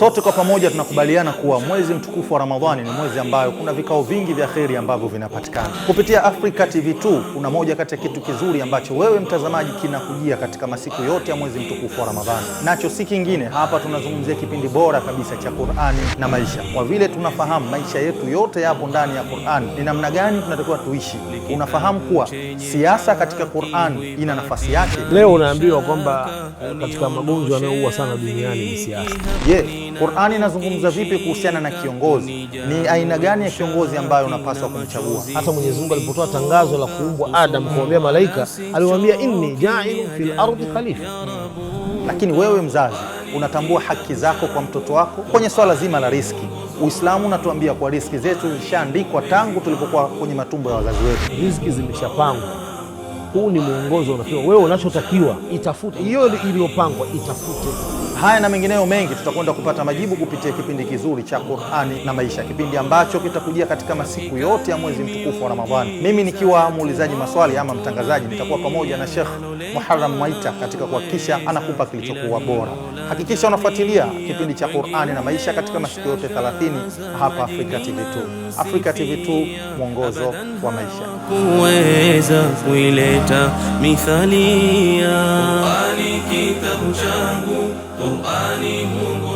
Sote kwa pamoja tunakubaliana kuwa mwezi mtukufu wa Ramadhani ni mwezi ambayo kuna vikao vingi vya kheri ambavyo vinapatikana kupitia Africa TV 2. Kuna moja kati ya kitu kizuri ambacho wewe mtazamaji kinakujia katika masiku yote ya mwezi mtukufu wa Ramadhani, nacho si kingine. Hapa tunazungumzia kipindi bora kabisa cha Qur'ani na maisha, kwa vile tunafahamu maisha yetu yote yapo ndani ya Qur'ani. Ni namna gani tunatakiwa tuishi? Unafahamu kuwa siasa katika Qur'ani ina nafasi yake. Leo unaambiwa kwamba eh, katika magonjwa yanayoua sana duniani ni siasa. Je, yeah. Qur'ani inazungumza vipi kuhusiana na kiongozi? Ni aina gani ya kiongozi ambayo unapaswa kumchagua? Hata Mwenyezi Mungu alipotoa tangazo la kuumbwa Adam, kumwambia malaika, aliwaambia inni jailu fil ardi khalifa. Hmm. Lakini wewe mzazi unatambua haki zako kwa mtoto wako kwenye swala zima la riski. Uislamu unatuambia kwa riski zetu zilishaandikwa tangu tulipokuwa kwenye matumbo ya wazazi wetu, riski zimeshapangwa huu ni mwongozo unafiwa wewe, unachotakiwa itafute hiyo iliyopangwa, itafute haya na mengineyo mengi. Tutakwenda kupata majibu kupitia kipindi kizuri cha Qur'ani na Maisha, kipindi ambacho kitakujia katika masiku yote ya mwezi mtukufu wa Ramadhani. Mimi nikiwa muulizaji maswali ama mtangazaji, nitakuwa pamoja na Sheikh Muharram maita katika kuhakikisha anakupa kilichokuwa bora. Hakikisha unafuatilia kipindi cha Qur'ani na maisha katika masiku yote 30 hapa afrika TV 2. afrika TV 2, mwongozo wa maisha. Kuweza kuileta mithalia. Qur'ani kitabu changu, Qur'ani Mungu